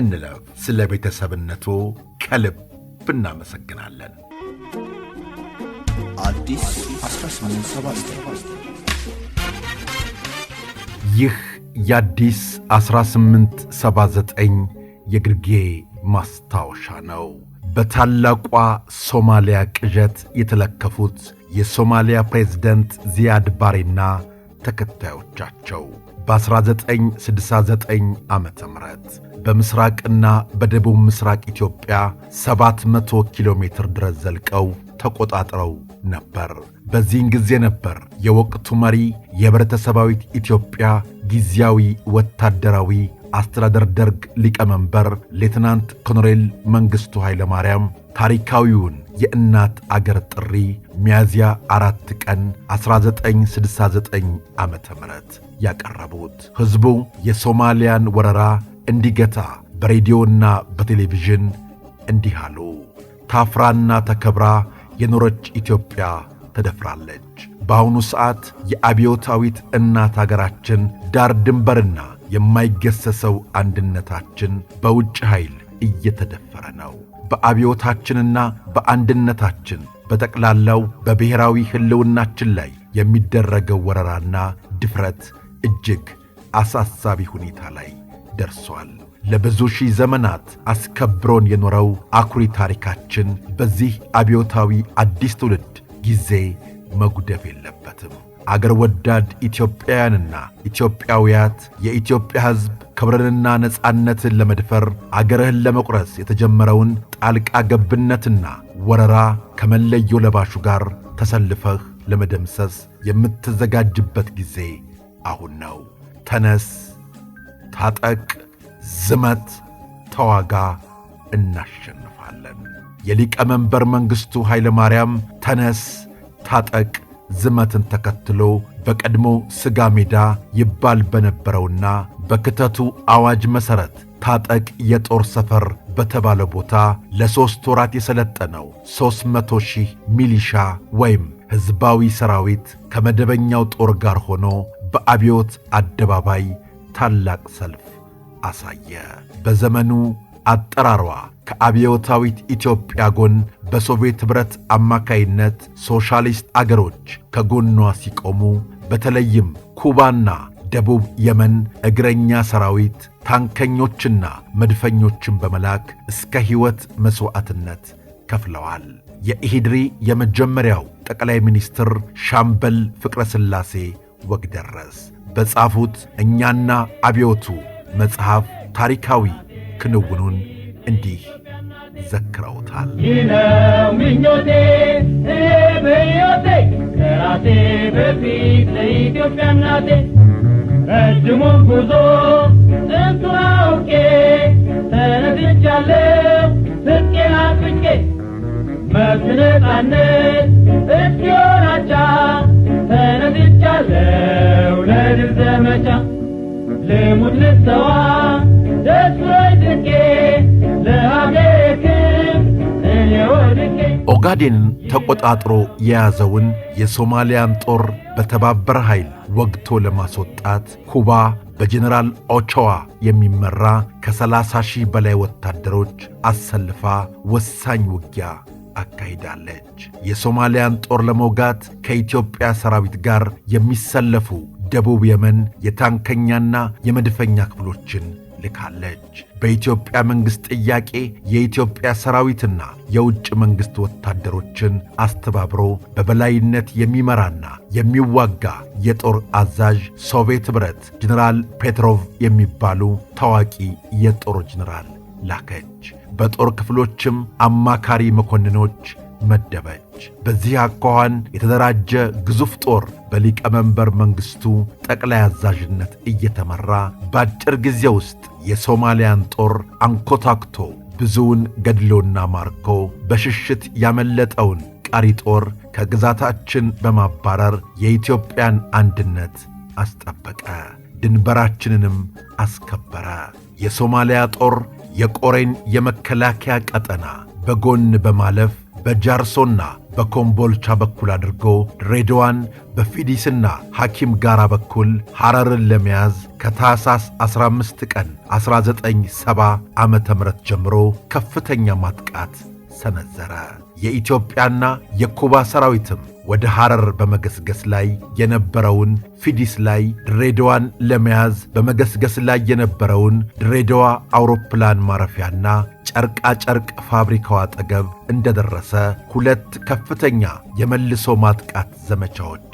እንለፍ። ስለ ቤተሰብነቱ ከልብ እናመሰግናለን። ይህ የአዲስ 1879 የግርጌ ማስታወሻ ነው። በታላቋ ሶማሊያ ቅዠት የተለከፉት የሶማሊያ ፕሬዝደንት ዚያድ ባሬና ተከታዮቻቸው በ1969 ዓ ም በምስራቅና በደቡብ ምስራቅ ኢትዮጵያ 700 ኪሎ ሜትር ድረስ ዘልቀው ተቆጣጥረው ነበር። በዚህን ጊዜ ነበር የወቅቱ መሪ የህብረተሰባዊት ኢትዮጵያ ጊዜያዊ ወታደራዊ አስተዳደር ደርግ ሊቀመንበር ሌትናንት ኮሎኔል መንግሥቱ ኃይለማርያም ታሪካዊውን የእናት አገር ጥሪ ሚያዝያ አራት ቀን 1969 ዓ ም ያቀረቡት ሕዝቡ የሶማሊያን ወረራ እንዲገታ በሬዲዮና በቴሌቪዥን እንዲህ አሉ። ታፍራና ተከብራ የኖረች ኢትዮጵያ ተደፍራለች። በአሁኑ ሰዓት የአብዮታዊት እናት አገራችን ዳር ድንበርና የማይገሰሰው አንድነታችን በውጭ ኃይል እየተደፈረ ነው። በአብዮታችንና በአንድነታችን በጠቅላላው በብሔራዊ ሕልውናችን ላይ የሚደረገው ወረራና ድፍረት እጅግ አሳሳቢ ሁኔታ ላይ ደርሷል። ለብዙ ሺህ ዘመናት አስከብሮን የኖረው አኩሪ ታሪካችን በዚህ አብዮታዊ አዲስ ትውልድ ጊዜ መጉደፍ የለበትም። አገር ወዳድ ኢትዮጵያውያንና ኢትዮጵያውያት የኢትዮጵያ ሕዝብ ክብርንና ነጻነትን ለመድፈር አገርህን ለመቁረስ የተጀመረውን ጣልቃ ገብነትና ወረራ ከመለዮ ለባሹ ጋር ተሰልፈህ ለመደምሰስ የምትዘጋጅበት ጊዜ አሁን ነው። ተነስ፣ ታጠቅ፣ ዝመት፣ ተዋጋ፣ እናሸንፋለን። የሊቀመንበር መንግሥቱ ኃይለ ማርያም ተነስ፣ ታጠቅ ዝመትን ተከትሎ በቀድሞ ሥጋ ሜዳ ይባል በነበረውና በክተቱ አዋጅ መሠረት ታጠቅ የጦር ሰፈር በተባለ ቦታ ለሦስት ወራት የሰለጠነው ሦስት መቶ ሺህ ሚሊሻ ወይም ሕዝባዊ ሰራዊት ከመደበኛው ጦር ጋር ሆኖ በአብዮት አደባባይ ታላቅ ሰልፍ አሳየ። በዘመኑ አጠራሯ ከአብዮታዊት ኢትዮጵያ ጎን በሶቪየት ኅብረት አማካይነት ሶሻሊስት አገሮች ከጎኗ ሲቆሙ በተለይም ኩባና ደቡብ የመን እግረኛ ሰራዊት ታንከኞችና መድፈኞችን በመላክ እስከ ሕይወት መሥዋዕትነት ከፍለዋል። የኢሂድሪ የመጀመሪያው ጠቅላይ ሚኒስትር ሻምበል ፍቅረ ሥላሴ ወግደረስ በጻፉት እኛና አብዮቱ መጽሐፍ ታሪካዊ ክንውኑን እንዲህ ዘክረውታል። ይህ ነው ምኞቴ በዮቴ ከራሴ በፊት ለኢትዮጵያ እናቴ ረጅሙን ጉዞ ስንቱን አውቄ ተነድቻለሁ ስቄን አጥቄ መብት ነጻነት እስኪሆናቻ ለድል ዘመቻ ልሙት ልሰዋ ኦጋዴንን ተቆጣጥሮ የያዘውን የሶማሊያን ጦር በተባበረ ኃይል ወግቶ ለማስወጣት ኩባ በጀኔራል ኦቾዋ የሚመራ ከ30 ሺህ በላይ ወታደሮች አሰልፋ ወሳኝ ውጊያ አካሂዳለች። የሶማሊያን ጦር ለመውጋት ከኢትዮጵያ ሰራዊት ጋር የሚሰለፉ ደቡብ የመን የታንከኛና የመድፈኛ ክፍሎችን ልካለች። በኢትዮጵያ መንግሥት ጥያቄ የኢትዮጵያ ሰራዊትና የውጭ መንግሥት ወታደሮችን አስተባብሮ በበላይነት የሚመራና የሚዋጋ የጦር አዛዥ ሶቪየት ኅብረት ጀኔራል ፔትሮቭ የሚባሉ ታዋቂ የጦር ጀኔራል ላከች። በጦር ክፍሎችም አማካሪ መኮንኖች መደበች። በዚህ አኳኋን የተደራጀ ግዙፍ ጦር በሊቀመንበር መንግሥቱ ጠቅላይ አዛዥነት እየተመራ በአጭር ጊዜ ውስጥ የሶማሊያን ጦር አንኮታክቶ ብዙውን ገድሎና ማርኮ በሽሽት ያመለጠውን ቀሪ ጦር ከግዛታችን በማባረር የኢትዮጵያን አንድነት አስጠበቀ፣ ድንበራችንንም አስከበረ። የሶማሊያ ጦር የቆሬን የመከላከያ ቀጠና በጎን በማለፍ በጃርሶና በኮምቦልቻ በኩል አድርጎ ድሬዳዋን በፊዲስና ሐኪም ጋራ በኩል ሐረርን ለመያዝ ከታሳስ 15 ቀን 1970 ዓ ም ጀምሮ ከፍተኛ ማጥቃት ሰነዘረ። የኢትዮጵያና የኩባ ሰራዊትም ወደ ሐረር በመገስገስ ላይ የነበረውን ፊዲስ ላይ ድሬዳዋን ለመያዝ በመገስገስ ላይ የነበረውን ድሬዳዋ አውሮፕላን ማረፊያና ጨርቃጨርቅ ፋብሪካው አጠገብ እንደደረሰ ሁለት ከፍተኛ የመልሶ ማጥቃት ዘመቻዎች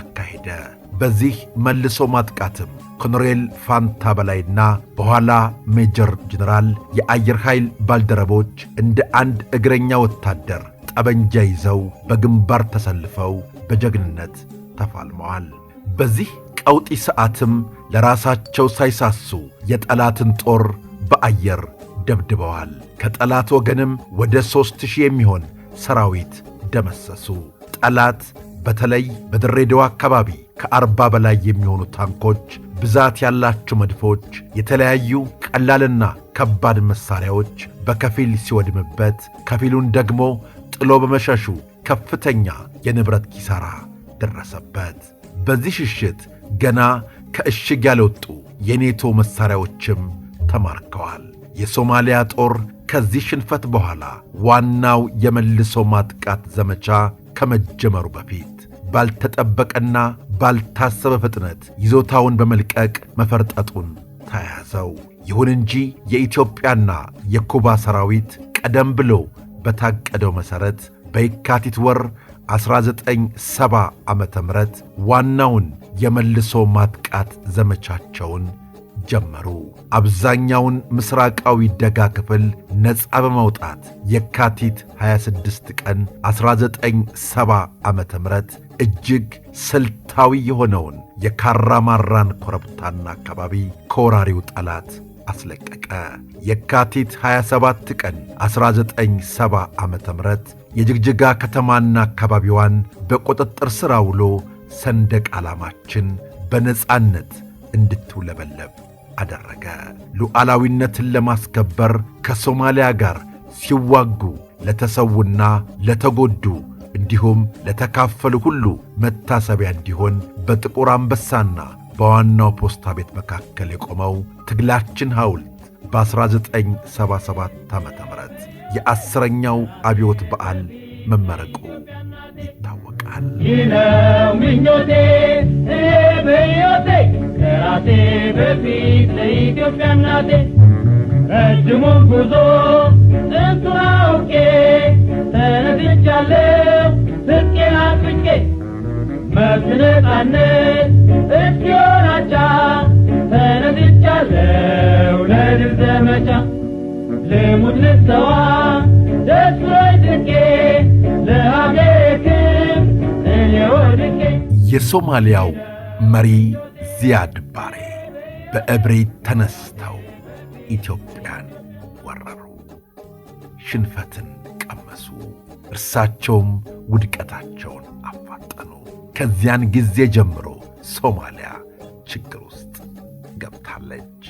አካሄደ። በዚህ መልሶ ማጥቃትም ኮሎኔል ፋንታ በላይና በኋላ ሜጀር ጀነራል የአየር ኃይል ባልደረቦች እንደ አንድ እግረኛ ወታደር ጠበንጃ ይዘው በግንባር ተሰልፈው በጀግንነት ተፋልመዋል። በዚህ ቀውጢ ሰዓትም ለራሳቸው ሳይሳሱ የጠላትን ጦር በአየር ደብድበዋል። ከጠላት ወገንም ወደ ሦስት ሺህ የሚሆን ሰራዊት ደመሰሱ። ጠላት በተለይ በድሬዳዋ አካባቢ ከአርባ በላይ የሚሆኑ ታንኮች፣ ብዛት ያላቸው መድፎች፣ የተለያዩ ቀላልና ከባድ መሣሪያዎች በከፊል ሲወድምበት፣ ከፊሉን ደግሞ ጥሎ በመሸሹ ከፍተኛ የንብረት ኪሳራ ደረሰበት። በዚህ ሽሽት ገና ከእሽግ ያልወጡ የኔቶ መሣሪያዎችም ተማርከዋል። የሶማሊያ ጦር ከዚህ ሽንፈት በኋላ ዋናው የመልሶ ማጥቃት ዘመቻ ከመጀመሩ በፊት ባልተጠበቀና ባልታሰበ ፍጥነት ይዞታውን በመልቀቅ መፈርጠጡን ተያያዘው። ይሁን እንጂ የኢትዮጵያና የኩባ ሰራዊት ቀደም ብሎ በታቀደው መሠረት በየካቲት ወር 1970 ዓ ም ዋናውን የመልሶ ማጥቃት ዘመቻቸውን ጀመሩ። አብዛኛውን ምስራቃዊ ደጋ ክፍል ነፃ በመውጣት የካቲት 26 ቀን 1970 ዓ ም እጅግ ስልታዊ የሆነውን የካራማራን ኮረብታና አካባቢ ከወራሪው ጠላት አስለቀቀ። የካቲት 27 ቀን 1970 ዓ ም የጅግጅጋ ከተማና አካባቢዋን በቁጥጥር ሥር አውሎ ሰንደቅ ዓላማችን በነፃነት እንድትውለበለብ አደረገ። ሉዓላዊነትን ለማስከበር ከሶማሊያ ጋር ሲዋጉ ለተሰውና ለተጎዱ እንዲሁም ለተካፈሉ ሁሉ መታሰቢያ እንዲሆን በጥቁር አንበሳና በዋናው ፖስታ ቤት መካከል የቆመው ትግላችን ሐውልት በ1977 ዓ ም የአስረኛው አብዮት በዓል መመረቁ ይታወቃል። ከመምጣቴ በፊት ለኢትዮጵያ እናቴ ረጅሙን ጉዞ ስንቱን አውቄ ተነድቻለሁ ስቄን አጥብቄ መብት ነጻነት እስኪሆናቻ ተነድቻለሁ ለድል ዘመቻ ልሙት ልሰዋ የሶማሊያው መሪ ዚያድ ባሬ በእብሪት ተነስተው ኢትዮጵያን ወረሩ፣ ሽንፈትን ቀመሱ። እርሳቸውም ውድቀታቸውን አፋጠኑ። ከዚያን ጊዜ ጀምሮ ሶማሊያ ችግር ውስጥ ገብታለች።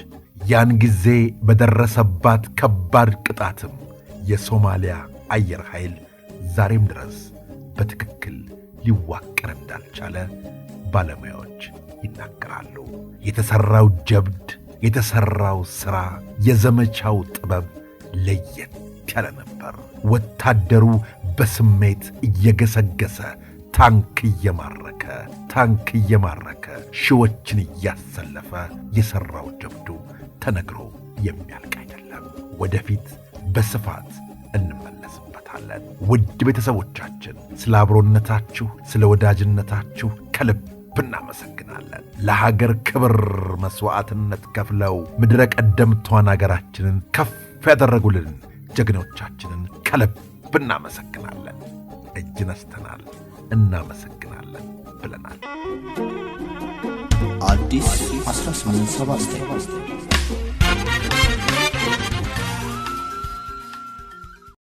ያን ጊዜ በደረሰባት ከባድ ቅጣትም የሶማሊያ አየር ኃይል ዛሬም ድረስ በትክክል ሊዋቀር እንዳልቻለ ባለሙያዎች ይናገራሉ። የተሠራው ጀብድ፣ የተሠራው ሥራ፣ የዘመቻው ጥበብ ለየት ያለ ነበር። ወታደሩ በስሜት እየገሰገሰ ታንክ እየማረከ ታንክ እየማረከ ሺዎችን እያሰለፈ የሠራው ጀብዱ ተነግሮ የሚያልቅ አይደለም። ወደፊት በስፋት እንመለስበታለን። ውድ ቤተሰቦቻችን ስለ አብሮነታችሁ፣ ስለ ወዳጅነታችሁ ከልብ እናመሰግናለን። ለሀገር ክብር መሥዋዕትነት ከፍለው ምድረ ቀደምቷን አገራችንን ከፍ ያደረጉልን ጀግኖቻችንን ከልብ እናመሰግናለን። እጅ ነስተናል፣ እናመሰግናለን ብለናል። አዲስ 1879